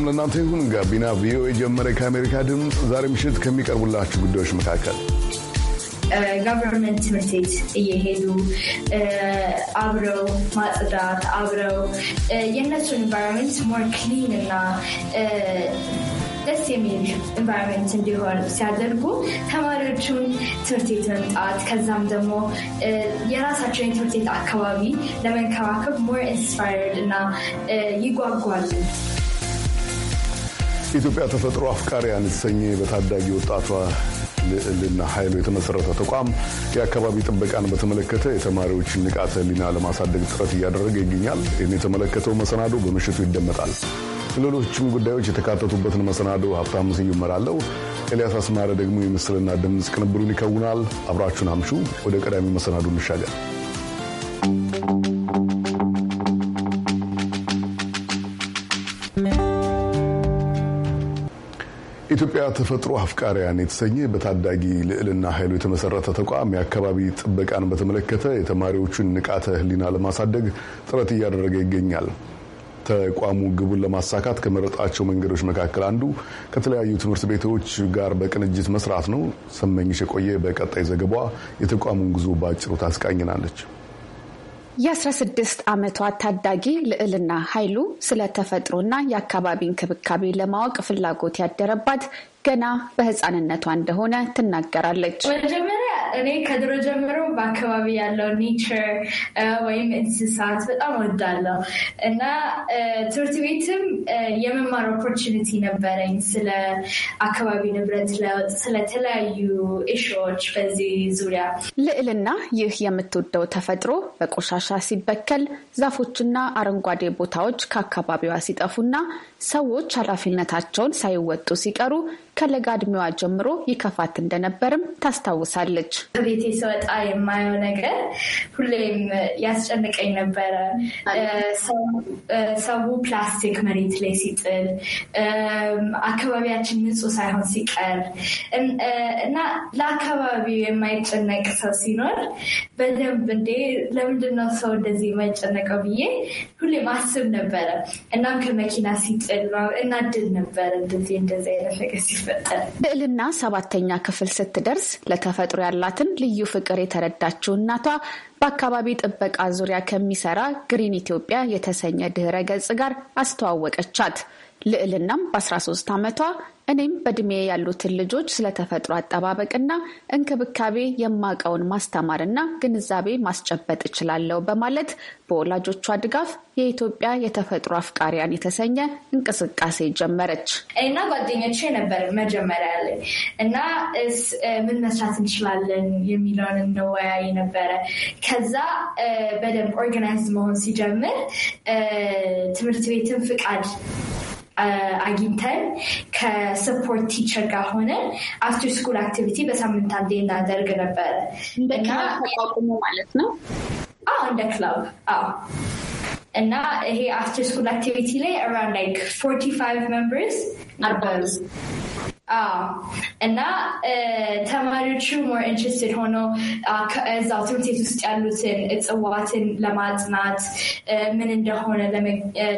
ሰላም ለእናንተ ይሁን። ጋቢና ቪኦኤ ጀመረ። ከአሜሪካ ድምፅ ዛሬ ምሽት ከሚቀርቡላችሁ ጉዳዮች መካከል ጋቨርንመንት ትምህርት ቤት እየሄዱ አብረው ማጽዳት፣ አብረው የእነሱን ኢንቫይሮንመንት ሞር ክሊን እና ደስ የሚል ኢንቫይሮንመንት እንዲሆን ሲያደርጉ ተማሪዎቹን ትምህርት ቤት መምጣት ከዛም ደግሞ የራሳቸውን የትምህርት ቤት አካባቢ ለመንከባከብ ሞር ኢንስፓየርድ እና ይጓጓሉ። ኢትዮጵያ ተፈጥሮ አፍቃሪያን የተሰኘ በታዳጊ ወጣቷ ልዕልና ኃይሉ የተመሰረተ ተቋም የአካባቢ ጥበቃን በተመለከተ የተማሪዎችን ንቃተ ሕሊና ለማሳደግ ጥረት እያደረገ ይገኛል። ይህን የተመለከተው መሰናዶ በምሽቱ ይደመጣል። ሌሎችም ጉዳዮች የተካተቱበትን መሰናዶ ሀብታሙ ስዩም እመራለሁ። ኤልያስ አስማረ ደግሞ የምስልና ድምፅ ቅንብሩን ይከውናል። አብራችሁን አምሹ። ወደ ቀዳሚ መሰናዶ እንሻገር። የኢትዮጵያ ተፈጥሮ አፍቃሪያን የተሰኘ በታዳጊ ልዕልና ኃይሉ የተመሰረተ ተቋም የአካባቢ ጥበቃን በተመለከተ የተማሪዎቹን ንቃተ ህሊና ለማሳደግ ጥረት እያደረገ ይገኛል። ተቋሙ ግቡን ለማሳካት ከመረጣቸው መንገዶች መካከል አንዱ ከተለያዩ ትምህርት ቤቶች ጋር በቅንጅት መስራት ነው። ሰመኝሽ የቆየ በቀጣይ ዘገባዋ የተቋሙን ጉዞ በአጭሩ ታስቃኝናለች። የ16 ዓመቷ ታዳጊ ልዕልና ኃይሉ ስለ ተፈጥሮና የአካባቢ እንክብካቤ ለማወቅ ፍላጎት ያደረባት ገና በህፃንነቷ እንደሆነ ትናገራለች። መጀመሪያ እኔ ከድሮ ጀምሮ በአካባቢ ያለው ኔቸር ወይም እንስሳት በጣም ወዳለው እና ትምህርት ቤትም የመማር ኦፖርቹኒቲ ነበረኝ ስለ አካባቢ ንብረት ለውጥ፣ ስለተለያዩ እሾዎች በዚህ ዙሪያ። ልዕልና ይህ የምትወደው ተፈጥሮ በቆሻሻ ሲበከል፣ ዛፎችና አረንጓዴ ቦታዎች ከአካባቢዋ ሲጠፉና ሰዎች ኃላፊነታቸውን ሳይወጡ ሲቀሩ ከለጋ እድሜዋ ጀምሮ ይከፋት እንደነበርም ታስታውሳለች። ቤቴ ስወጣ የማየው ነገር ሁሌም ያስጨንቀኝ ነበረ። ሰው ፕላስቲክ መሬት ላይ ሲጥል፣ አካባቢያችን ንጹህ ሳይሆን ሲቀር እና ለአካባቢው የማይጨነቅ ሰው ሲኖር በደንብ እንዴ ለምንድነው ሰው እንደዚህ የማይጨነቀው ብዬ ሁሌም አስብ ነበረ። እናም ከመኪና ሲጥል እናድል ነበር እንደዚህ እንደዚህ አይነት ነገር ሲፈ ይፈጠር። ልዕልና ሰባተኛ ክፍል ስትደርስ ለተፈጥሮ ያላትን ልዩ ፍቅር የተረዳችው እናቷ በአካባቢ ጥበቃ ዙሪያ ከሚሰራ ግሪን ኢትዮጵያ የተሰኘ ድህረ ገጽ ጋር አስተዋወቀቻት። ልዕልናም በ13 ዓመቷ እኔም በእድሜ ያሉትን ልጆች ስለ ተፈጥሮ አጠባበቅና እንክብካቤ የማቀውን ማስተማርና ግንዛቤ ማስጨበጥ እችላለሁ በማለት በወላጆቿ ድጋፍ የኢትዮጵያ የተፈጥሮ አፍቃሪያን የተሰኘ እንቅስቃሴ ጀመረች እና ጓደኞቼ ነበር መጀመሪያ ያለ እና ምን መስራት እንችላለን የሚለውን እንወያይ ነበረ። ከዛ በደንብ ኦርጋናይዝ መሆን ሲጀምር ትምህርት ቤትን ፍቃድ አግኝተን ከስፖርት ቲቸር ጋር ሆነ አፍተር ስኩል አክቲቪቲ በሳምንት አንዴ እናደርግ ነበረ። እንደ ክላብ ተቋቁሞ ማለት ነው። አዎ እንደ ክላብ አዎ። እና ይሄ አፍተር ስኩል አክቲቪቲ ላይ አራውንድ ላይክ ፎርቲ ፋይቭ ሜምበርስ ነበሩ። እና ተማሪዎቹ ሞር ኢንትረስትድ ሆኖ እዛው ትምህርት ቤት ውስጥ ያሉትን እጽዋትን ለማጥናት ምን እንደሆነ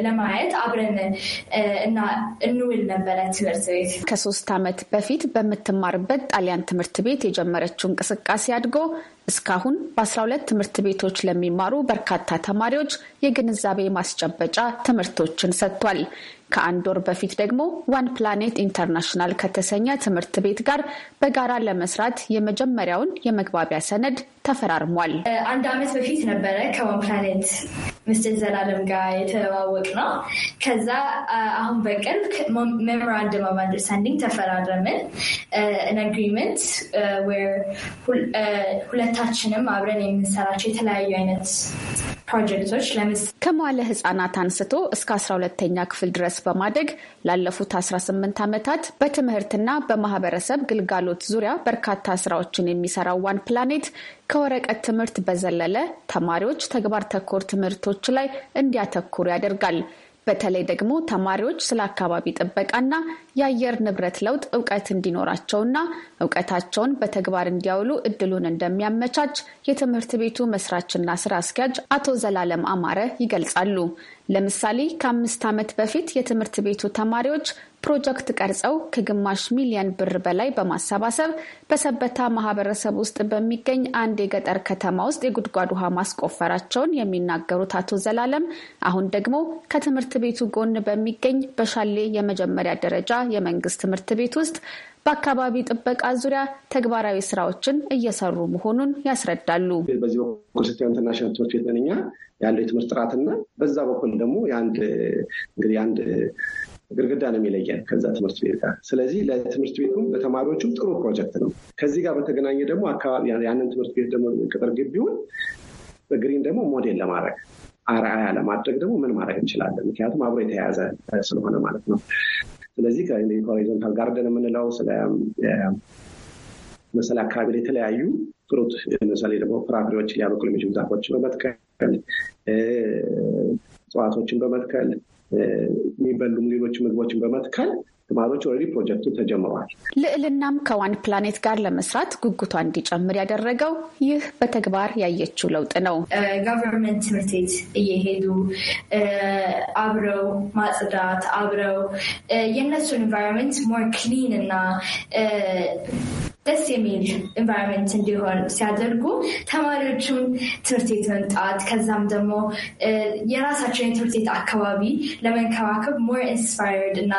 ለማየት አብረን እና እንውል ነበረ ትምህርት ቤት። ከሶስት ዓመት በፊት በምትማርበት ጣሊያን ትምህርት ቤት የጀመረችው እንቅስቃሴ አድጎ እስካሁን በ12 ትምህርት ቤቶች ለሚማሩ በርካታ ተማሪዎች የግንዛቤ ማስጨበጫ ትምህርቶችን ሰጥቷል። ከአንድ ወር በፊት ደግሞ ዋን ፕላኔት ኢንተርናሽናል ከተሰኘ ትምህርት ቤት ጋር በጋራ ለመስራት የመጀመሪያውን የመግባቢያ ሰነድ ተፈራርሟል። አንድ ዓመት በፊት ነበረ ከዋን ፕላኔት ምስል ዘላለም ጋር የተዋወቅ ነው። ከዛ አሁን በቅርብ ሜሞራንድም ኦፍ አንደርስታንዲንግ ተፈራረምን አግሪመንት uh, uh, ሁለት ሌሎቻችንም አብረን የምንሰራቸው የተለያዩ አይነት ፕሮጀክቶች ከመዋለ ህጻናት አንስቶ እስከ 12ተኛ ክፍል ድረስ በማደግ ላለፉት 18 ዓመታት በትምህርትና በማህበረሰብ ግልጋሎት ዙሪያ በርካታ ስራዎችን የሚሰራው ዋን ፕላኔት ከወረቀት ትምህርት በዘለለ ተማሪዎች ተግባር ተኮር ትምህርቶች ላይ እንዲያተኩሩ ያደርጋል። በተለይ ደግሞ ተማሪዎች ስለ አካባቢ ጥበቃና የአየር ንብረት ለውጥ እውቀት እንዲኖራቸውና እውቀታቸውን በተግባር እንዲያውሉ እድሉን እንደሚያመቻች የትምህርት ቤቱ መስራችና ስራ አስኪያጅ አቶ ዘላለም አማረ ይገልጻሉ። ለምሳሌ ከአምስት ዓመት በፊት የትምህርት ቤቱ ተማሪዎች ፕሮጀክት ቀርጸው ከግማሽ ሚሊዮን ብር በላይ በማሰባሰብ በሰበታ ማህበረሰብ ውስጥ በሚገኝ አንድ የገጠር ከተማ ውስጥ የጉድጓድ ውሃ ማስቆፈራቸውን የሚናገሩት አቶ ዘላለም አሁን ደግሞ ከትምህርት ቤቱ ጎን በሚገኝ በሻሌ የመጀመሪያ ደረጃ የመንግስት ትምህርት ቤት ውስጥ በአካባቢ ጥበቃ ዙሪያ ተግባራዊ ስራዎችን እየሰሩ መሆኑን ያስረዳሉ። በዚህ በኩል ስታይ ኢንተርናሽናል ትምህርት ቤት ነን እኛ ያለው የትምህርት ጥራትና በዛ በኩል ደግሞ የአንድ ግድግዳ ነው የሚለየን ከዛ ትምህርት ቤት ጋር። ስለዚህ ለትምህርት ቤቱም ለተማሪዎቹም ጥሩ ፕሮጀክት ነው። ከዚህ ጋር በተገናኘ ደግሞ አካባቢ ያንን ትምህርት ቤት ደግሞ ቅጥር ግቢውን በግሪን ደግሞ ሞዴል ለማድረግ አርአያ ለማድረግ ደግሞ ምን ማድረግ እንችላለን? ምክንያቱም አብሮ የተያያዘ ስለሆነ ማለት ነው። ስለዚህ ከሆሪዞንታል ጋርደን የምንለው ስለ መሰለ አካባቢ ላይ የተለያዩ ፍሩት ለምሳሌ ደግሞ ፍራፍሬዎች ሊያበቅሉ የሚችሉ ዛፎችን በመትከል እጽዋቶችን በመትከል የሚበሉም ሌሎች ምግቦችን በመትከል ተማሪዎች ኦልሬዲ ፕሮጀክቱ ተጀምረዋል። ልዕልናም ከዋን ፕላኔት ጋር ለመስራት ጉጉቷ እንዲጨምር ያደረገው ይህ በተግባር ያየችው ለውጥ ነው። ጋቨርንመንት ትምህርት ቤት እየሄዱ አብረው ማጽዳት፣ አብረው የእነሱ ኢንቫይሮንመንት ሞር ክሊን እና ደስ የሚል ኢንቫይሮንመንት እንዲሆን ሲያደርጉ ተማሪዎችም ትምህርት ቤት መምጣት ከዛም ደግሞ የራሳቸውን የትምህርት ቤት አካባቢ ለመንከባከብ ሞር ኢንስፓየርድ እና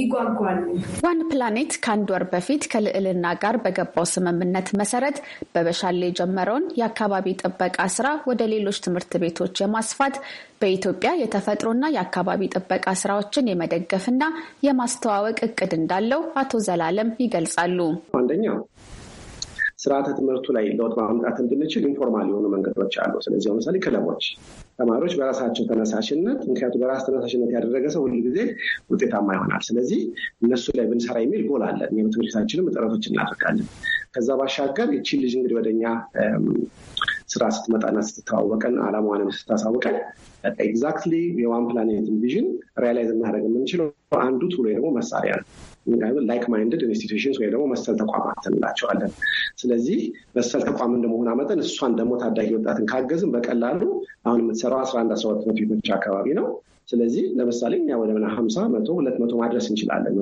ይጓጓሉ። ዋን ፕላኔት ከአንድ ወር በፊት ከልዕልና ጋር በገባው ስምምነት መሰረት በበሻሌ የጀመረውን የአካባቢ ጥበቃ ስራ ወደ ሌሎች ትምህርት ቤቶች የማስፋት በኢትዮጵያ የተፈጥሮና የአካባቢ ጥበቃ ስራዎችን የመደገፍና የማስተዋወቅ እቅድ እንዳለው አቶ ዘላለም ይገልጻሉ። አንደኛው ስርዓተ ትምህርቱ ላይ ለውጥ ማምጣት እንድንችል ኢንፎርማል የሆኑ መንገዶች አሉ። ስለዚህ ለምሳሌ ክለቦች ተማሪዎች በራሳቸው ተነሳሽነት ምክንያቱም በራስ ተነሳሽነት ያደረገ ሰው ሁሉ ጊዜ ውጤታማ ይሆናል። ስለዚህ እነሱ ላይ ብንሰራ የሚል ጎል አለን። የትምህርት ቤታችንም ጥረቶች እናደርጋለን። ከዛ ባሻገር ይቺን ልጅ እንግዲህ ወደኛ ስራ ስትመጣና ስትተዋወቀን አላማዋንም ስታሳውቀን ኤግዛክትሊ የዋን ፕላኔትን ቪዥን ሪያላይዝ እናደርግ የምንችለው አንዱ ቱሎ ደግሞ መሳሪያ ነው። ላይክ ማይንድድ ኢንስቲቱሽንስ ወይ ደግሞ መሰል ተቋማት እንላቸዋለን። ስለዚህ መሰል ተቋም እንደመሆን መጠን እሷን ደግሞ ታዳጊ ወጣትን ካገዝን በቀላሉ አሁን የምትሰራው አስራ አንድ አስራ ሁለት ቤቶች አካባቢ ነው። ስለዚህ ለምሳሌ እኛ ወደ ምና ሀምሳ መቶ ሁለት መቶ ማድረስ እንችላለን።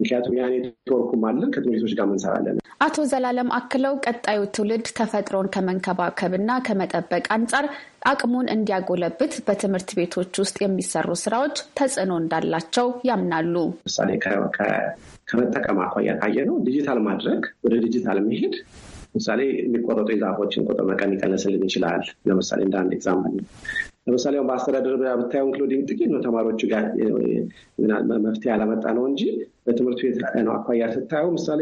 ምክንያቱም ያ ኔትወርኩም አለን ከትምህርት ቤቶች ጋር እንሰራለን። አቶ ዘላለም አክለው ቀጣዩ ትውልድ ተፈጥሮን ከመንከባከብና ከመጠበቅ አንጻር አቅሙን እንዲያጎለብት በትምህርት ቤቶች ውስጥ የሚሰሩ ስራዎች ተጽዕኖ እንዳላቸው ያምናሉ። ምሳሌ ከመጠቀም አኳያ ካየ ነው ዲጂታል ማድረግ ወደ ዲጂታል መሄድ ለምሳሌ የሚቆረጡ የዛፎችን ቁጥር መቀን ሊቀንስልን ይችላል። ለምሳሌ እንደ አንድ ኤግዛምፕል ለምሳሌ በአስተዳደር ብታየው ኢንክሉዲንግ ጥቂት ነው ተማሪዎቹ ጋር መፍትሄ ያላመጣ ነው እንጂ በትምህርት ቤት ነው አኳያ ስታየው ምሳሌ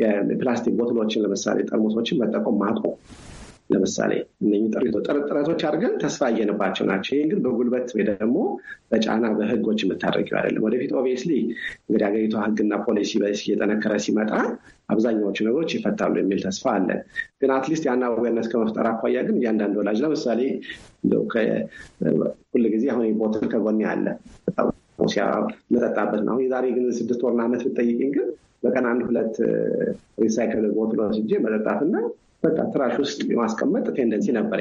የፕላስቲክ ቦትሎችን ለምሳሌ ጠርሙሶችን መጠቆም ማቆም ለምሳሌ እነህ ጥረቶች አድርገን ተስፋ እየንባቸው ናቸው። ይህ ግን በጉልበት ወይ ደግሞ በጫና በህጎች የምታደርጊው አይደለም። ወደፊት ኦብቪየስሊ እንግዲህ ሀገሪቷ ህግና ፖሊሲ እየጠነከረ ሲመጣ አብዛኛዎቹ ነገሮች ይፈታሉ የሚል ተስፋ አለ። ግን አትሊስት ያን አዌርነት ከመፍጠር አኳያ ግን እያንዳንድ ወላጅ ለምሳሌ ጊዜ አሁን ቦትል ከጎኔ አለ መጠጣበት ነው። አሁን የዛሬ ግን ስድስት ወርና ዓመት ብጠይቅኝ ግን በቀን አንድ ሁለት ሪሳይክል ቦትሎች እጄ መጠጣትና በቃ ትራሽ ውስጥ የማስቀመጥ ቴንደንሲ ነበረ።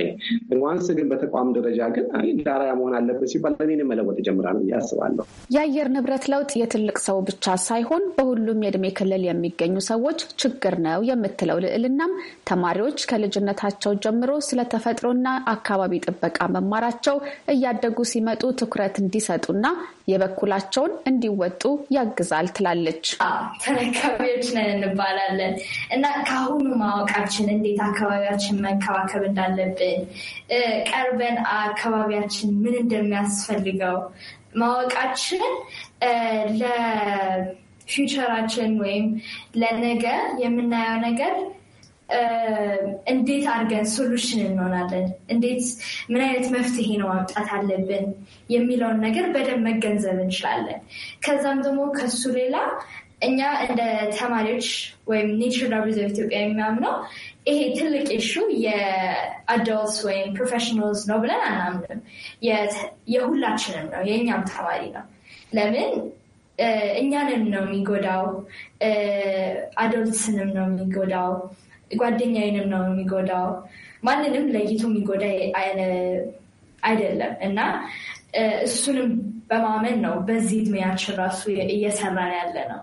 ዋንስ ግን በተቋም ደረጃ ግን ዳራያ መሆን አለበት ሲባል እኔን መለወጥ ጀምራ ነው አስባለሁ። የአየር ንብረት ለውጥ የትልቅ ሰው ብቻ ሳይሆን በሁሉም የእድሜ ክልል የሚገኙ ሰዎች ችግር ነው የምትለው ልዕልናም ተማሪዎች ከልጅነታቸው ጀምሮ ስለ ተፈጥሮና አካባቢ ጥበቃ መማራቸው እያደጉ ሲመጡ ትኩረት እንዲሰጡና የበኩላቸውን እንዲወጡ ያግዛል ትላለች። ተረካቢዎች ነን እንባል እንችላለን እና ከአሁኑ ማወቃችን እንዴት አካባቢያችን መንከባከብ እንዳለብን ቀርበን አካባቢያችን ምን እንደሚያስፈልገው ማወቃችን ለፊውቸራችን ወይም ለነገ የምናየው ነገር እንዴት አድርገን ሶሉሽን እንሆናለን፣ እንዴት ምን አይነት መፍትሄ ነው ማምጣት አለብን የሚለውን ነገር በደንብ መገንዘብ እንችላለን። ከዛም ደግሞ ከሱ ሌላ እኛ እንደ ተማሪዎች ወይም ኔቸር ዳብ ኢትዮጵያ የሚያምነው ይሄ ትልቅ ኢሹ የአዶልትስ ወይም ፕሮፌሽናልስ ነው ብለን አናምንም። የሁላችንም ነው፣ የእኛም ተማሪ ነው። ለምን እኛንም ነው የሚጎዳው፣ አዶልትስንም ነው የሚጎዳው፣ ጓደኛዬንም ነው የሚጎዳው። ማንንም ለይቶ የሚጎዳ አይደለም እና እሱንም በማመን ነው በዚህ እድሜያችን ራሱ እየሰራን ያለ ነው።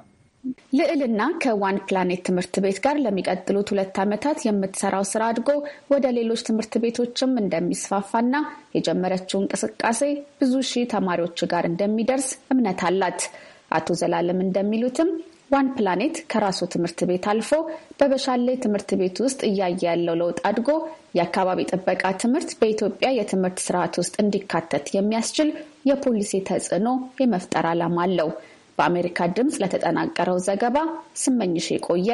ልዕልና ከዋን ፕላኔት ትምህርት ቤት ጋር ለሚቀጥሉት ሁለት ዓመታት የምትሰራው ስራ አድጎ ወደ ሌሎች ትምህርት ቤቶችም እንደሚስፋፋና የጀመረችው እንቅስቃሴ ብዙ ሺህ ተማሪዎች ጋር እንደሚደርስ እምነት አላት። አቶ ዘላለም እንደሚሉትም ዋን ፕላኔት ከራሱ ትምህርት ቤት አልፎ በበሻሌ ትምህርት ቤት ውስጥ እያየ ያለው ለውጥ አድጎ የአካባቢ ጥበቃ ትምህርት በኢትዮጵያ የትምህርት ስርዓት ውስጥ እንዲካተት የሚያስችል የፖሊሲ ተጽዕኖ የመፍጠር ዓላማ አለው። በአሜሪካ ድምፅ ለተጠናቀረው ዘገባ ስመኝሽ የቆየ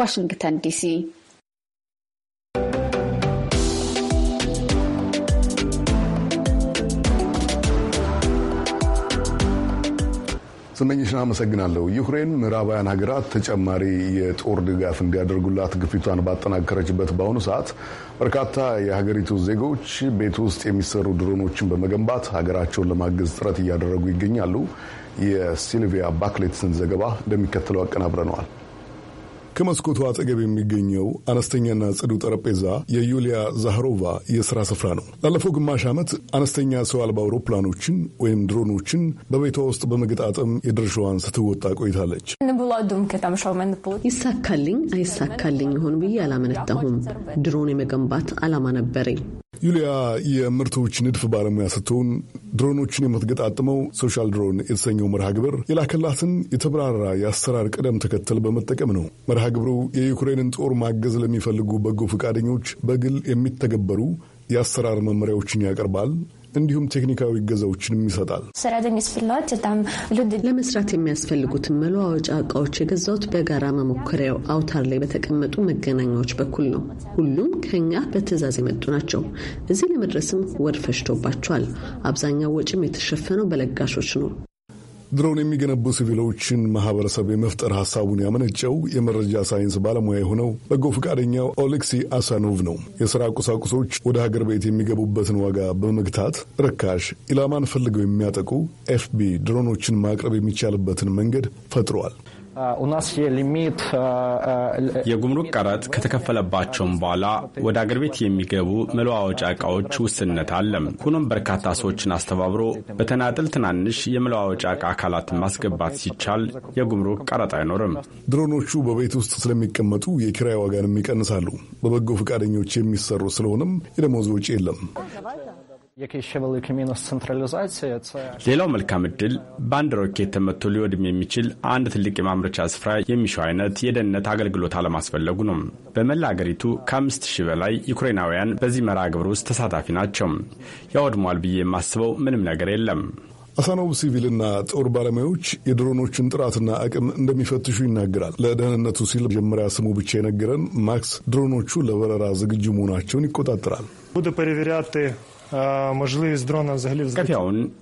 ዋሽንግተን ዲሲ ስመኝሽን አመሰግናለሁ። ዩክሬን ምዕራባውያን ሀገራት ተጨማሪ የጦር ድጋፍ እንዲያደርጉላት ግፊቷን ባጠናከረችበት በአሁኑ ሰዓት በርካታ የሀገሪቱ ዜጎች ቤት ውስጥ የሚሰሩ ድሮኖችን በመገንባት ሀገራቸውን ለማገዝ ጥረት እያደረጉ ይገኛሉ። የሲልቪያ ባክሌትስን ዘገባ እንደሚከተለው አቀናብረነዋል። ከመስኮቱ አጠገብ የሚገኘው አነስተኛና ጽዱ ጠረጴዛ የዩሊያ ዛህሮቫ የሥራ ስፍራ ነው። ላለፈው ግማሽ ዓመት አነስተኛ ሰው አልባ አውሮፕላኖችን ወይም ድሮኖችን በቤቷ ውስጥ በመገጣጠም የድርሻዋን ስትወጣ ቆይታለች። ይሳካልኝ አይሳካልኝ ይሆን ብዬ አላመነታሁም። ድሮን የመገንባት ዓላማ ነበረኝ። ዩሊያ የምርቶች ንድፍ ባለሙያ ስትሆን ድሮኖችን የምትገጣጥመው ሶሻል ድሮን የተሰኘው መርሃ ግብር የላከላትን የተብራራ የአሰራር ቅደም ተከተል በመጠቀም ነው። መርሃ ግብሩ የዩክሬንን ጦር ማገዝ ለሚፈልጉ በጎ ፈቃደኞች በግል የሚተገበሩ የአሰራር መመሪያዎችን ያቀርባል። እንዲሁም ቴክኒካዊ እገዛዎችንም ይሰጣል። ለመስራት የሚያስፈልጉትን መለዋወጫ እቃዎች የገዛሁት በጋራ መሞከሪያው አውታር ላይ በተቀመጡ መገናኛዎች በኩል ነው። ሁሉም ከኛ በትዕዛዝ የመጡ ናቸው። እዚህ ለመድረስም ወር ፈጅቶባቸዋል። አብዛኛው ወጪም የተሸፈነው በለጋሾች ነው። ድሮን የሚገነቡ ሲቪሎችን ማህበረሰብ የመፍጠር ሀሳቡን ያመነጨው የመረጃ ሳይንስ ባለሙያ የሆነው በጎ ፈቃደኛው ኦሌክሲ አሳኖቭ ነው። የስራ ቁሳቁሶች ወደ ሀገር ቤት የሚገቡበትን ዋጋ በመግታት ርካሽ፣ ኢላማን ፈልገው የሚያጠቁ ኤፍቢ ድሮኖችን ማቅረብ የሚቻልበትን መንገድ ፈጥሯል። የጉምሩክ ቀረጥ ከተከፈለባቸውም በኋላ ወደ አገር ቤት የሚገቡ መለዋወጫ ዕቃዎች ውስንነት አለም። ሆኖም በርካታ ሰዎችን አስተባብሮ በተናጥል ትናንሽ የመለዋወጫ ዕቃ አካላትን ማስገባት ሲቻል የጉምሩክ ቀረጥ አይኖርም። ድሮኖቹ በቤት ውስጥ ስለሚቀመጡ የኪራይ ዋጋንም ይቀንሳሉ። በበጎ ፈቃደኞች የሚሰሩ ስለሆነም የደሞዝ ወጪ የለም። ሌላው መልካም እድል በአንድ ሮኬት ተመቶ ሊወድም የሚችል አንድ ትልቅ የማምረቻ ስፍራ የሚሻው አይነት የደህንነት አገልግሎት አለማስፈለጉ ነው። በመላ አገሪቱ ከአምስት ሺህ በላይ ዩክሬናውያን በዚህ መርሃ ግብር ውስጥ ተሳታፊ ናቸው። ያወድሟል ብዬ የማስበው ምንም ነገር የለም። አሳኖብ ሲቪልና ጦር ባለሙያዎች የድሮኖችን ጥራትና አቅም እንደሚፈትሹ ይናገራል። ለደህንነቱ ሲል መጀመሪያ ስሙ ብቻ የነገረን ማክስ ድሮኖቹ ለበረራ ዝግጁ መሆናቸውን ይቆጣጠራል። можливість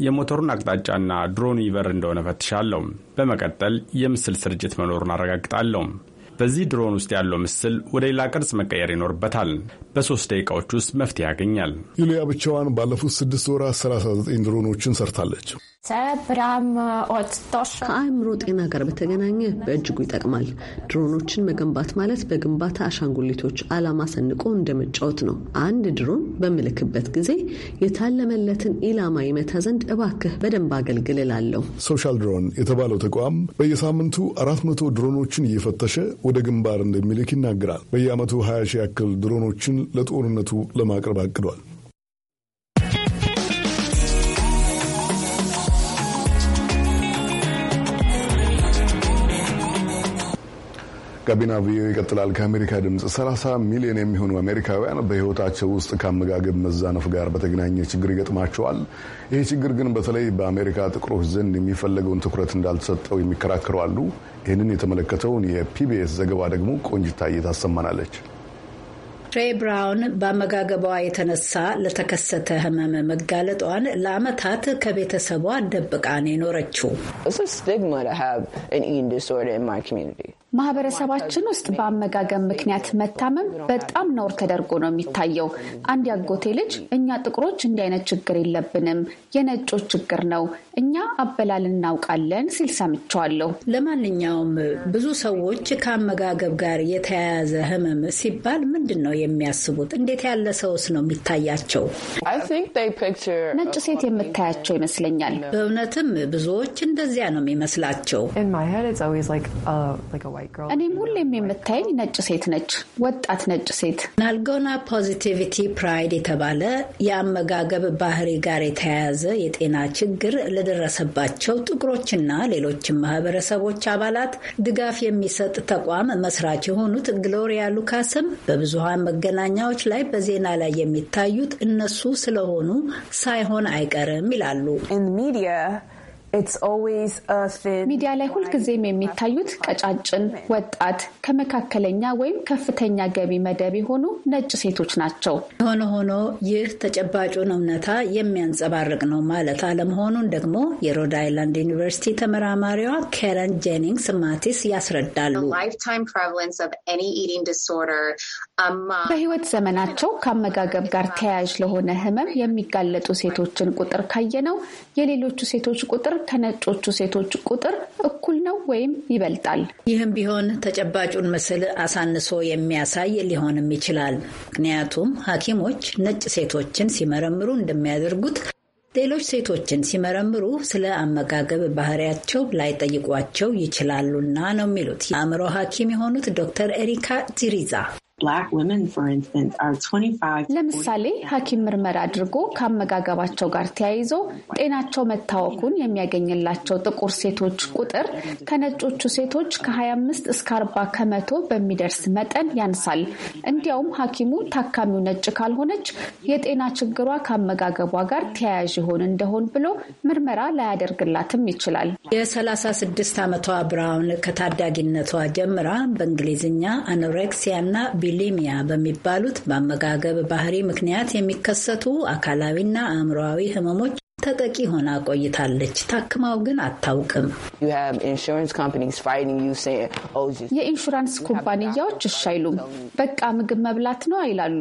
የሞተሩን አቅጣጫና ድሮኑ ይበር እንደሆነ ፈትሻለሁ። በመቀጠል የምስል ስርጭት መኖሩን አረጋግጣለሁ። በዚህ ድሮን ውስጥ ያለው ምስል ወደ ሌላ ቅርጽ መቀየር ይኖርበታል። በሶስት ደቂቃዎች ውስጥ መፍትሄ ያገኛል። ዩሊያ ብቻዋን ባለፉት ስድስት ወራት 39 ድሮኖችን ሰርታለች። ከአእምሮ ጤና ጋር በተገናኘ በእጅጉ ይጠቅማል። ድሮኖችን መገንባት ማለት በግንባታ አሻንጉሊቶች ዓላማ ሰንቆ እንደ መጫወት ነው። አንድ ድሮን በምልክበት ጊዜ የታለመለትን ኢላማ ይመታ ዘንድ እባክህ በደንብ አገልግል እላለሁ። ሶሻል ድሮን የተባለው ተቋም በየሳምንቱ አራት መቶ ድሮኖችን እየፈተሸ ወደ ግንባር እንደሚልክ ይናገራል። በየዓመቱ ሀያ ሺህ ያክል ድሮኖችን ለጦርነቱ ለማቅረብ አቅዷል። ጋቢና ቪኦኤ ይቀጥላል። ከአሜሪካ ድምፅ 30 ሚሊዮን የሚሆኑ አሜሪካውያን በሕይወታቸው ውስጥ ከአመጋገብ መዛነፍ ጋር በተገናኘ ችግር ይገጥማቸዋል። ይህ ችግር ግን በተለይ በአሜሪካ ጥቁሮች ዘንድ የሚፈለገውን ትኩረት እንዳልተሰጠው የሚከራከሩ አሉ። ይህንን የተመለከተውን የፒቢኤስ ዘገባ ደግሞ ቆንጅታዬ ታሰማናለች። ሬ ብራውን በአመጋገቧ የተነሳ ለተከሰተ ህመም መጋለጧን ለአመታት ከቤተሰቧ ደብቃ የኖረችው። ማህበረሰባችን ውስጥ በአመጋገብ ምክንያት መታመም በጣም ነውር ተደርጎ ነው የሚታየው። አንድ ያጎቴ ልጅ እኛ ጥቁሮች እንዲህ አይነት ችግር የለብንም፣ የነጮች ችግር ነው፣ እኛ አበላል እናውቃለን ሲል ሰምቸዋለሁ። ለማንኛውም ብዙ ሰዎች ከአመጋገብ ጋር የተያያዘ ህመም ሲባል ምንድን ነው የሚያስቡት? እንዴት ያለ ሰውስ ነው የሚታያቸው? ነጭ ሴት የምታያቸው ይመስለኛል። በእውነትም ብዙዎች እንደዚያ ነው የሚመስላቸው። እኔም ሁሌም የምታየኝ ነጭ ሴት ነች፣ ወጣት ነጭ ሴት። ናልጎና ፖዚቲቪቲ ፕራይድ የተባለ የአመጋገብ ባህሪ ጋር የተያያዘ የጤና ችግር ለደረሰባቸው ጥቁሮችና ሌሎችም ማህበረሰቦች አባላት ድጋፍ የሚሰጥ ተቋም መስራች የሆኑት ግሎሪያ ሉካስም በብዙሀን መገናኛዎች ላይ በዜና ላይ የሚታዩት እነሱ ስለሆኑ ሳይሆን አይቀርም ይላሉ። ሚዲያ ላይ ሁልጊዜም የሚታዩት ቀጫጭን ወጣት ከመካከለኛ ወይም ከፍተኛ ገቢ መደብ የሆኑ ነጭ ሴቶች ናቸው። የሆነ ሆኖ ይህ ተጨባጩን እውነታ የሚያንጸባርቅ ነው ማለት አለመሆኑን ደግሞ የሮድ አይላንድ ዩኒቨርሲቲ ተመራማሪዋ ኬረን ጄኒንግስ ማቲስ ያስረዳሉ። በህይወት ዘመናቸው ከአመጋገብ ጋር ተያያዥ ለሆነ ህመም የሚጋለጡ ሴቶችን ቁጥር ካየነው የሌሎቹ ሴቶች ቁጥር ከነጮቹ ሴቶች ቁጥር እኩል ነው ወይም ይበልጣል። ይህም ቢሆን ተጨባጩን ምስል አሳንሶ የሚያሳይ ሊሆንም ይችላል። ምክንያቱም ሐኪሞች ነጭ ሴቶችን ሲመረምሩ እንደሚያደርጉት ሌሎች ሴቶችን ሲመረምሩ ስለ አመጋገብ ባህሪያቸው ላይጠይቋቸው ይችላሉና ነው የሚሉት የአእምሮ ሐኪም የሆኑት ዶክተር ኤሪካ ዚሪዛ ለምሳሌ ሐኪም ምርመራ አድርጎ ከአመጋገባቸው ጋር ተያይዞ ጤናቸው መታወኩን የሚያገኝላቸው ጥቁር ሴቶች ቁጥር ከነጮቹ ሴቶች ከ25 እስከ 40 ከመቶ በሚደርስ መጠን ያንሳል። እንዲያውም ሐኪሙ ታካሚው ነጭ ካልሆነች የጤና ችግሯ ከአመጋገቧ ጋር ተያያዥ ይሆን እንደሆን ብሎ ምርመራ ላያደርግላትም ይችላል። የ36 ዓመቷ ብራውን ከታዳጊነቷ ጀምራ በእንግሊዝኛ አኖሬክሲያ እና አቢሊሚያ በሚባሉት በአመጋገብ ባህሪ ምክንያት የሚከሰቱ አካላዊና አእምሮዊ ህመሞች ተጠቂ ሆና ቆይታለች። ታክማው ግን አታውቅም። oh, የኢንሹራንስ ኩባንያዎች እሺ አይሉም። በቃ ምግብ መብላት ነው አይላሉ።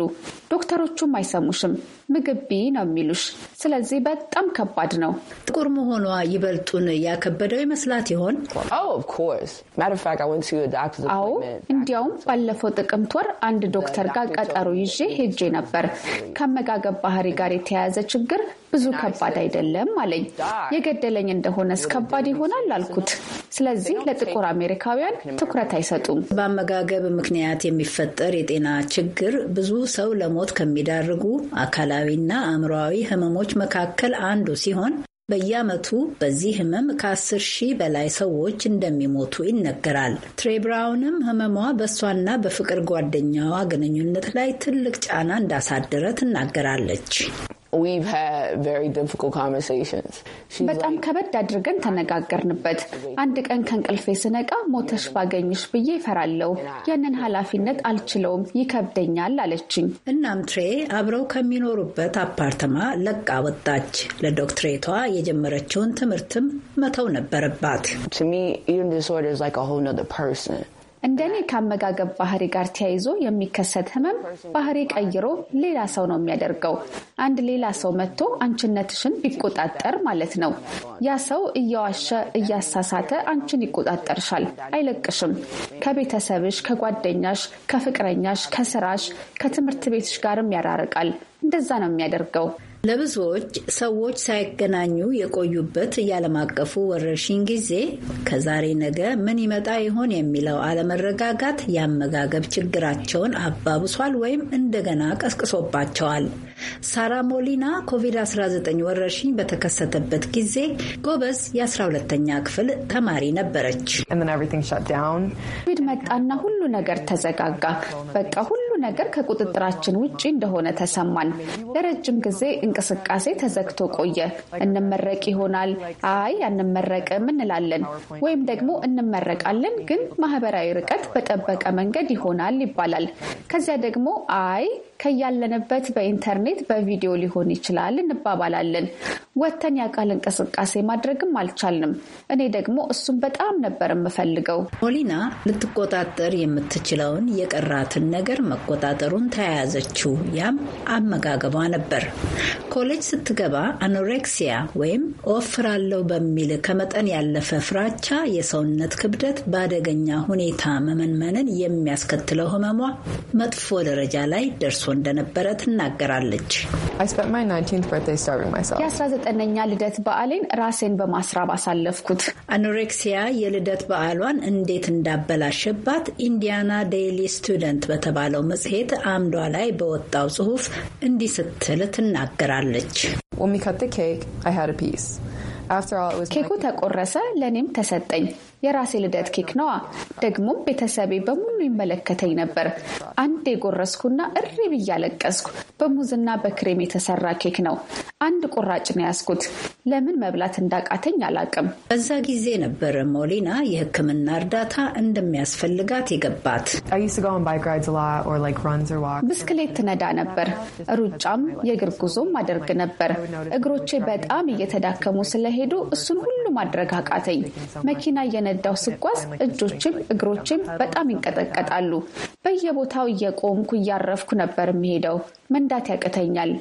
ዶክተሮቹም አይሰሙሽም። ምግብ ቢ ነው የሚሉሽ። ስለዚህ በጣም ከባድ ነው። ጥቁር መሆኗ ይበልጡን ያከበደው ይመስላት ይሆን? Oh, አዎ፣ እንዲያውም ባለፈው ጥቅምት ወር አንድ ዶክተር ጋር ቀጠሮ ይዤ ሄጄ ነበር። ከአመጋገብ ባህሪ ጋር የተያያዘ ችግር ብዙ ከባድ አይደለም አለኝ። የገደለኝ እንደሆነስ ከባድ ይሆናል አልኩት። ስለዚህ ለጥቁር አሜሪካውያን ትኩረት አይሰጡም። በአመጋገብ ምክንያት የሚፈጠር የጤና ችግር ብዙ ሰው ለሞት ከሚዳርጉ አካላዊና አእምሮዊ ህመሞች መካከል አንዱ ሲሆን በየዓመቱ በዚህ ህመም ከአስር ሺህ በላይ ሰዎች እንደሚሞቱ ይነገራል። ትሬ ብራውንም ህመሟ በእሷና በፍቅር ጓደኛዋ ግንኙነት ላይ ትልቅ ጫና እንዳሳደረ ትናገራለች። በጣም ከበድ አድርገን ተነጋገርንበት። አንድ ቀን ከእንቅልፌ ስነቃ ሞተሽ ባገኝሽ ብዬ ይፈራለው። ያንን ኃላፊነት አልችለውም፣ ይከብደኛል አለችኝ። እናም ትሬ አብረው ከሚኖሩበት አፓርተማ ለቃ ወጣች። ለዶክትሬቷ የጀመረችውን ትምህርትም መተው ነበረባት። እንደኔ ከአመጋገብ ባህሪ ጋር ተያይዞ የሚከሰት ህመም ባህሪ ቀይሮ ሌላ ሰው ነው የሚያደርገው። አንድ ሌላ ሰው መጥቶ አንችነትሽን ቢቆጣጠር ማለት ነው። ያ ሰው እያዋሸ እያሳሳተ አንችን ይቆጣጠርሻል፣ አይለቅሽም። ከቤተሰብሽ፣ ከጓደኛሽ፣ ከፍቅረኛሽ፣ ከስራሽ፣ ከትምህርት ቤትሽ ጋርም ያራርቃል። እንደዛ ነው የሚያደርገው። ለብዙዎች ሰዎች ሳይገናኙ የቆዩበት የዓለም አቀፉ ወረርሽኝ ጊዜ ከዛሬ ነገ ምን ይመጣ ይሆን የሚለው አለመረጋጋት የአመጋገብ ችግራቸውን አባብሷል ወይም እንደገና ቀስቅሶባቸዋል። ሳራ ሞሊና ኮቪድ-19 ወረርሽኝ በተከሰተበት ጊዜ ጎበዝ የ12ተኛ ክፍል ተማሪ ነበረች። ኮቪድ መጣና ሁሉ ነገር ተዘጋጋ። በቃ ሁሉ ነገር ከቁጥጥራችን ውጭ እንደሆነ ተሰማን። ለረጅም ጊዜ እንቅስቃሴ ተዘግቶ ቆየ። እንመረቅ ይሆናል፣ አይ አንመረቅም እንላለን፣ ወይም ደግሞ እንመረቃለን ግን ማህበራዊ ርቀት በጠበቀ መንገድ ይሆናል ይባላል። ከዚያ ደግሞ አይ ከያለንበት በኢንተርኔት በቪዲዮ ሊሆን ይችላል እንባባላለን። ወተን የአካል እንቅስቃሴ ማድረግም አልቻልንም። እኔ ደግሞ እሱም በጣም ነበር የምፈልገው። ሞሊና ልትቆጣጠር የምትችለውን የቀራትን ነገር መቆጣጠሩን ተያያዘችው። ያም አመጋገቧ ነበር። ኮሌጅ ስትገባ አኖሬክሲያ ወይም እወፍራለሁ በሚል ከመጠን ያለፈ ፍራቻ የሰውነት ክብደት በአደገኛ ሁኔታ መመንመንን የሚያስከትለው ህመሟ መጥፎ ደረጃ ላይ ደርሷል። ደርሶ እንደነበረ ትናገራለች። የ19ኛ ልደት በዓሌን ራሴን በማስራብ አሳለፍኩት። አኖሬክሲያ የልደት በዓሏን እንዴት እንዳበላሸባት ኢንዲያና ዴይሊ ስቱደንት በተባለው መጽሔት አምዷ ላይ በወጣው ጽሑፍ እንዲህ ስትል ትናገራለች። ኬኩ ተቆረሰ፣ ለእኔም ተሰጠኝ። የራሴ ልደት ኬክ ነዋ። ደግሞም ቤተሰቤ በሙሉ ይመለከተኝ ነበር። አንድ የጎረስኩና እሪ ብዬ አለቀስኩ። በሙዝና በክሬም የተሰራ ኬክ ነው። አንድ ቁራጭ ነው ያስኩት። ለምን መብላት እንዳቃተኝ አላቅም። በዛ ጊዜ ነበር ሞሊና የሕክምና እርዳታ እንደሚያስፈልጋት የገባት። ብስክሌት ነዳ ነበር። ሩጫም የእግር ጉዞም አደርግ ነበር። እግሮቼ በጣም እየተዳከሙ ስለሄዱ እሱን ሁሉ ማድረግ አቃተኝ። መኪና እየነዳው ስጓዝ እጆችም እግሮችም በጣም ይንቀጠቀጣሉ። በየቦታው እየቆምኩ እያረፍኩ ነበር የሚሄደው። መንዳት ያቅተኛል።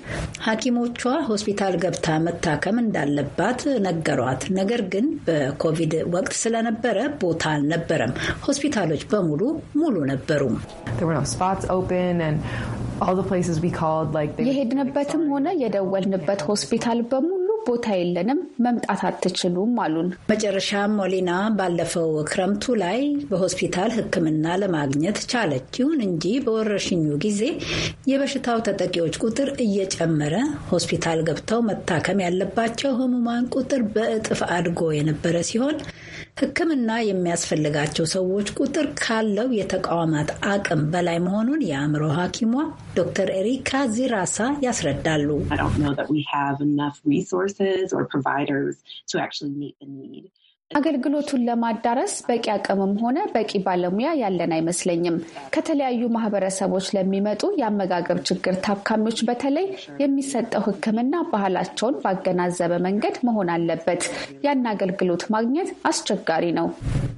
ሐኪሞቿ ሆስፒታል ገብታ መታከም እንዳለባት ነገሯት። ነገር ግን በኮቪድ ወቅት ስለነበረ ቦታ አልነበረም። ሆስፒታሎች በሙሉ ሙሉ ነበሩ። የሄድንበትም ሆነ የደወልንበት ሆስፒታል በሙሉ ቦታ የለንም፣ መምጣት አትችሉም አሉን። መጨረሻ ሞሊና ባለፈው ክረምቱ ላይ በሆስፒታል ሕክምና ለማግኘት ቻለች። ይሁን እንጂ በወረርሽኙ ጊዜ የበሽታው ተጠቂዎች ቁጥር እየጨመረ ሆስፒታል ገብተው መታከም ያለባቸው ህሙማን ቁጥር በእጥፍ አድጎ የነበረ ሲሆን ሕክምና የሚያስፈልጋቸው ሰዎች ቁጥር ካለው የተቋማት አቅም በላይ መሆኑን የአእምሮ ሐኪሟ ዶክተር ኤሪካ ዚራሳ ያስረዳሉ። አገልግሎቱን ለማዳረስ በቂ አቅምም ሆነ በቂ ባለሙያ ያለን አይመስለኝም። ከተለያዩ ማህበረሰቦች ለሚመጡ የአመጋገብ ችግር ታካሚዎች በተለይ የሚሰጠው ሕክምና ባህላቸውን ባገናዘበ መንገድ መሆን አለበት። ያን አገልግሎት ማግኘት አስቸጋሪ ነው።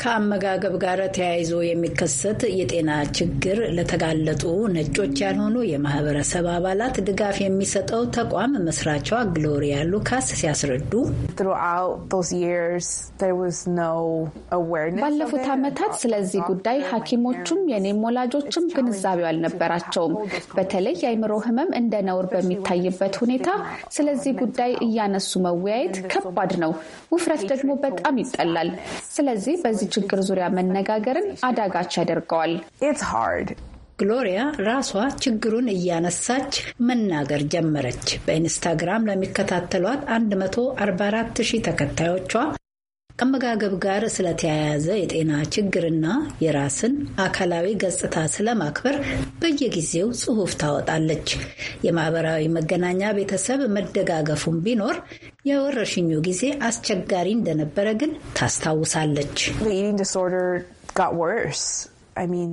ከአመጋገብ ጋር ተያይዞ የሚከሰት የጤና ችግር ለተጋለጡ ነጮች ያልሆኑ የማህበረሰብ አባላት ድጋፍ የሚሰጠው ተቋም መስራቿ ግሎሪያ ሉካስ ሲያስረዱ ባለፉት ዓመታት uh, ስለዚህ ጉዳይ ሐኪሞቹም የኔም ወላጆችም ግንዛቤው አልነበራቸውም። በተለይ የአይምሮ ህመም እንደ ነውር በሚታይበት ሁኔታ ስለዚህ ጉዳይ እያነሱ መወያየት ከባድ ነው። ውፍረት ደግሞ በጣም ይጠላል። ስለዚህ በዚህ ችግር ዙሪያ መነጋገርን አዳጋች ያደርገዋል። ግሎሪያ ራሷ ችግሩን እያነሳች መናገር ጀመረች። በኢንስታግራም ለሚከታተሏት 144 ሺህ ተከታዮቿ ከአመጋገብ ጋር ስለተያያዘ የጤና ችግርና የራስን አካላዊ ገጽታ ስለማክበር በየጊዜው ጽሑፍ ታወጣለች። የማህበራዊ መገናኛ ቤተሰብ መደጋገፉን ቢኖር የወረሽኙ ጊዜ አስቸጋሪ እንደነበረ ግን ታስታውሳለች።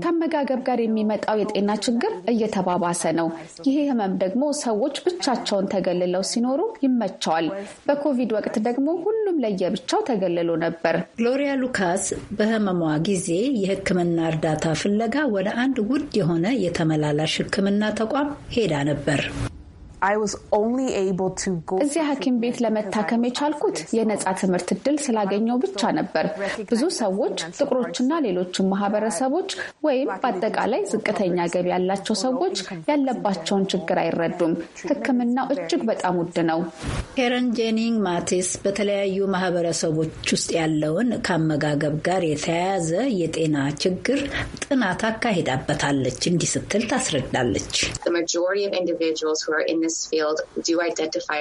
ከአመጋገብ ጋር የሚመጣው የጤና ችግር እየተባባሰ ነው። ይሄ ህመም ደግሞ ሰዎች ብቻቸውን ተገልለው ሲኖሩ ይመቸዋል። በኮቪድ ወቅት ደግሞ ሁሉም ለየብቻው ተገልሎ ነበር። ግሎሪያ ሉካስ በህመሟ ጊዜ የህክምና እርዳታ ፍለጋ ወደ አንድ ውድ የሆነ የተመላላሽ ህክምና ተቋም ሄዳ ነበር። እዚያ ሐኪም ቤት ለመታከም የቻልኩት የነጻ ትምህርት እድል ስላገኘው ብቻ ነበር። ብዙ ሰዎች ጥቁሮችና ሌሎችን ማህበረሰቦች ወይም በአጠቃላይ ዝቅተኛ ገቢ ያላቸው ሰዎች ያለባቸውን ችግር አይረዱም። ሕክምናው እጅግ በጣም ውድ ነው። ሄረን ጄኒንግ ማቴስ በተለያዩ ማህበረሰቦች ውስጥ ያለውን ከአመጋገብ ጋር የተያያዘ የጤና ችግር ጥናት አካሂዳበታለች። እንዲህ ስትል ታስረዳለች።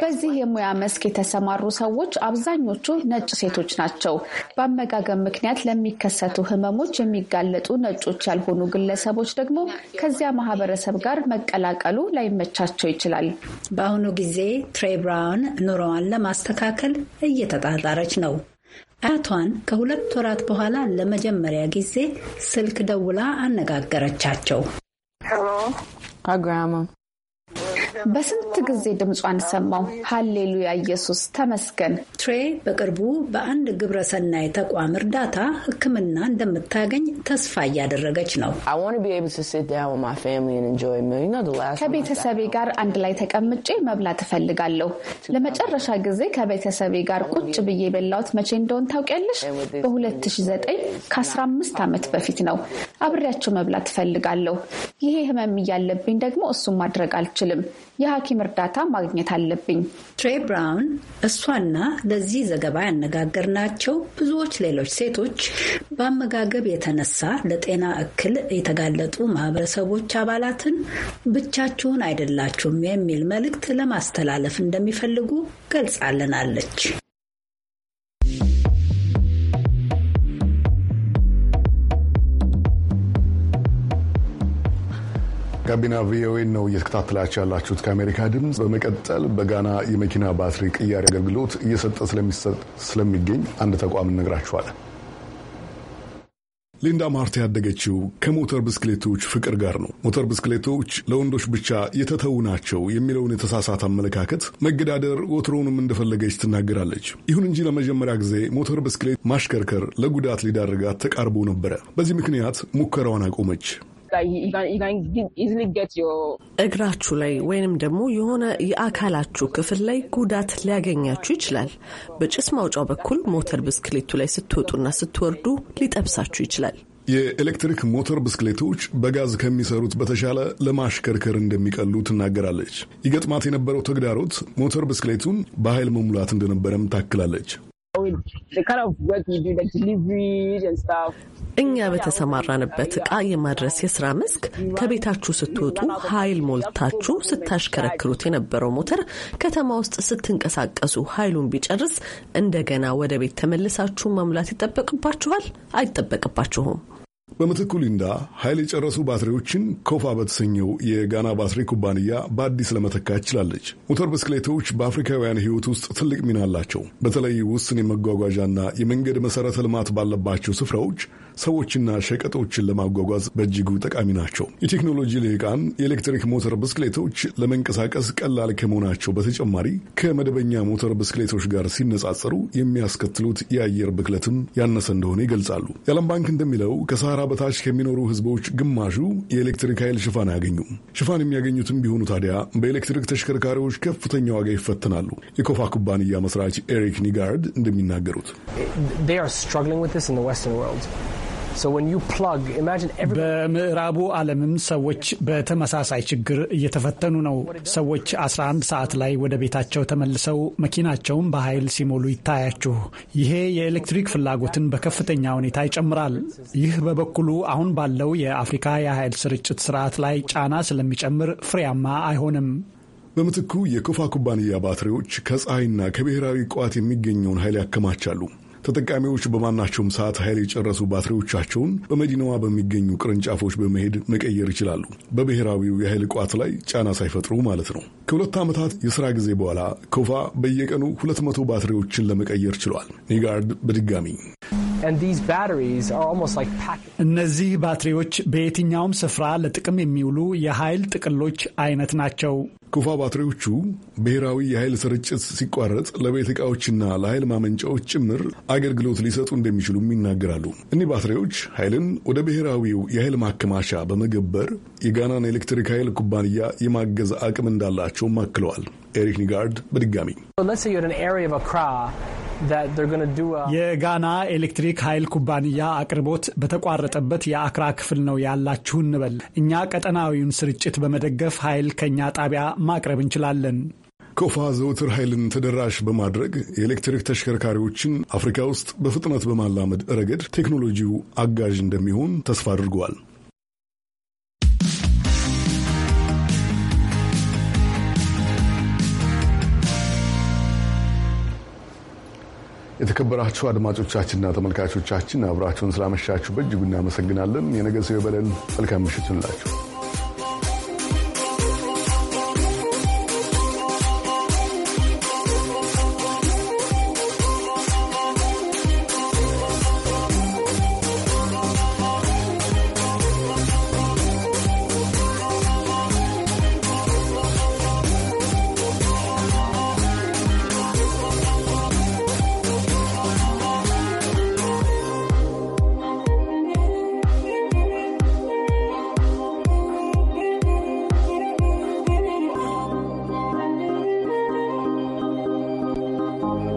በዚህ የሙያ መስክ የተሰማሩ ሰዎች አብዛኞቹ ነጭ ሴቶች ናቸው። በአመጋገብ ምክንያት ለሚከሰቱ ህመሞች የሚጋለጡ ነጮች ያልሆኑ ግለሰቦች ደግሞ ከዚያ ማህበረሰብ ጋር መቀላቀሉ ላይመቻቸው ይችላል። በአሁኑ ጊዜ ትሬ ብራውን ኑሮዋን ለማስተካከል እየተጣጣረች ነው። አያቷን ከሁለት ወራት በኋላ ለመጀመሪያ ጊዜ ስልክ ደውላ አነጋገረቻቸው። በስንት ጊዜ ድምጿን ሰማው። ሀሌሉያ ኢየሱስ ተመስገን። ትሬ በቅርቡ በአንድ ሰናይ ተቋም እርዳታ ሕክምና እንደምታገኝ ተስፋ እያደረገች ነው። ከቤተሰቤ ጋር አንድ ላይ ተቀምጬ መብላት እፈልጋለሁ። ለመጨረሻ ጊዜ ከቤተሰቤ ጋር ቁጭ ብዬ የበላሁት መቼ እንደሆን ታውቂያለሽ? በ2009 ከ15 ዓመት በፊት ነው። አብሬያቸው መብላት እፈልጋለሁ። ይሄ ህመም እያለብኝ ደግሞ እሱን ማድረግ አልችልም። የሐኪም እርዳታ ማግኘት አለብኝ። ትሬ ብራውን እሷና ለዚህ ዘገባ ያነጋገርናቸው ብዙዎች ሌሎች ሴቶች በአመጋገብ የተነሳ ለጤና እክል የተጋለጡ ማህበረሰቦች አባላትን ብቻችሁን አይደላችሁም የሚል መልእክት ለማስተላለፍ እንደሚፈልጉ ገልጻልናለች። ጋቢና ቪኦኤ ነው እየተከታተላችሁ ያላችሁት ከአሜሪካ ድምፅ። በመቀጠል በጋና የመኪና ባትሪ ቅያሬ አገልግሎት እየሰጠ ስለሚገኝ አንድ ተቋም እነግራችኋለን። ሊንዳ ማርት ያደገችው ከሞተር ብስክሌቶች ፍቅር ጋር ነው። ሞተር ብስክሌቶች ለወንዶች ብቻ የተተዉ ናቸው የሚለውን የተሳሳት አመለካከት መገዳደር ወትሮውንም እንደፈለገች ትናገራለች። ይሁን እንጂ ለመጀመሪያ ጊዜ ሞተር ብስክሌት ማሽከርከር ለጉዳት ሊዳርጋት ተቃርቦ ነበረ። በዚህ ምክንያት ሙከራዋን አቆመች። እግራችሁ ላይ ወይንም ደግሞ የሆነ የአካላችሁ ክፍል ላይ ጉዳት ሊያገኛችሁ ይችላል። በጭስ ማውጫው በኩል ሞተር ብስክሌቱ ላይ ስትወጡና ስትወርዱ ሊጠብሳችሁ ይችላል። የኤሌክትሪክ ሞተር ብስክሌቶች በጋዝ ከሚሰሩት በተሻለ ለማሽከርከር እንደሚቀሉ ትናገራለች። ይገጥማት የነበረው ተግዳሮት ሞተር ብስክሌቱን በኃይል መሙላት እንደነበረም ታክላለች። እኛ በተሰማራንበት ዕቃ የማድረስ የስራ መስክ ከቤታችሁ ስትወጡ ኃይል ሞልታችሁ ስታሽከረክሩት የነበረው ሞተር ከተማ ውስጥ ስትንቀሳቀሱ ኃይሉን ቢጨርስ እንደገና ወደ ቤት ተመልሳችሁ መሙላት ይጠበቅባችኋል? አይጠበቅባችሁም። በምትኩ ሊንዳ ኃይል የጨረሱ ባትሪዎችን ኮፋ በተሰኘው የጋና ባትሪ ኩባንያ በአዲስ ለመተካት ችላለች። ሞተር ብስክሌቶች በአፍሪካውያን ሕይወት ውስጥ ትልቅ ሚና አላቸው። በተለይ ውስን የመጓጓዣና የመንገድ መሠረተ ልማት ባለባቸው ስፍራዎች ሰዎችና ሸቀጦችን ለማጓጓዝ በእጅጉ ጠቃሚ ናቸው። የቴክኖሎጂ ልሂቃን የኤሌክትሪክ ሞተር ብስክሌቶች ለመንቀሳቀስ ቀላል ከመሆናቸው በተጨማሪ ከመደበኛ ሞተር ብስክሌቶች ጋር ሲነጻጸሩ የሚያስከትሉት የአየር ብክለትም ያነሰ እንደሆነ ይገልጻሉ። የዓለም ባንክ እንደሚለው ከሰሃራ በታች ከሚኖሩ ህዝቦች ግማሹ የኤሌክትሪክ ኃይል ሽፋን አያገኙም። ሽፋን የሚያገኙትም ቢሆኑ ታዲያ በኤሌክትሪክ ተሽከርካሪዎች ከፍተኛ ዋጋ ይፈተናሉ። የኮፋ ኩባንያ መስራች ኤሪክ ኒጋርድ እንደሚናገሩት በምዕራቡ ዓለምም ሰዎች በተመሳሳይ ችግር እየተፈተኑ ነው። ሰዎች 11 ሰዓት ላይ ወደ ቤታቸው ተመልሰው መኪናቸውን በኃይል ሲሞሉ ይታያችሁ። ይሄ የኤሌክትሪክ ፍላጎትን በከፍተኛ ሁኔታ ይጨምራል። ይህ በበኩሉ አሁን ባለው የአፍሪካ የኃይል ስርጭት ስርዓት ላይ ጫና ስለሚጨምር ፍሬያማ አይሆንም። በምትኩ የኮፋ ኩባንያ ባትሪዎች ከፀሐይና ከብሔራዊ ቋት የሚገኘውን ኃይል ያከማቻሉ። ተጠቃሚዎች በማናቸውም ሰዓት ኃይል የጨረሱ ባትሪዎቻቸውን በመዲናዋ በሚገኙ ቅርንጫፎች በመሄድ መቀየር ይችላሉ። በብሔራዊው የኃይል ቋት ላይ ጫና ሳይፈጥሩ ማለት ነው። ከሁለት ዓመታት የሥራ ጊዜ በኋላ ኮፋ በየቀኑ 200 ባትሪዎችን ለመቀየር ችሏል። ኒጋርድ በድጋሚ እነዚህ ባትሪዎች በየትኛውም ስፍራ ለጥቅም የሚውሉ የኃይል ጥቅሎች አይነት ናቸው። ኩፋ ባትሪዎቹ ብሔራዊ የኃይል ስርጭት ሲቋረጥ ለቤት ዕቃዎችና ለኃይል ማመንጫዎች ጭምር አገልግሎት ሊሰጡ እንደሚችሉም ይናገራሉ። እኒህ ባትሪዎች ኃይልን ወደ ብሔራዊው የኃይል ማከማቻ በመገበር የጋናን ኤሌክትሪክ ኃይል ኩባንያ የማገዝ አቅም እንዳላቸውም አክለዋል። ኤሪክ ኒጋርድ በድጋሚ የጋና ኤሌክትሪክ ኃይል ኩባንያ አቅርቦት በተቋረጠበት የአክራ ክፍል ነው ያላችሁ እንበል። እኛ ቀጠናዊውን ስርጭት በመደገፍ ኃይል ከኛ ጣቢያ ማቅረብ እንችላለን። ኮፋ ዘውትር ኃይልን ተደራሽ በማድረግ የኤሌክትሪክ ተሽከርካሪዎችን አፍሪካ ውስጥ በፍጥነት በማላመድ ረገድ ቴክኖሎጂው አጋዥ እንደሚሆን ተስፋ አድርገዋል። የተከበራችሁ አድማጮቻችንና ተመልካቾቻችን አብራችሁን ስላመሻችሁ በእጅጉ እናመሰግናለን። የነገ ሰው ይበለን። መልካም ምሽት ይሁንላችሁ።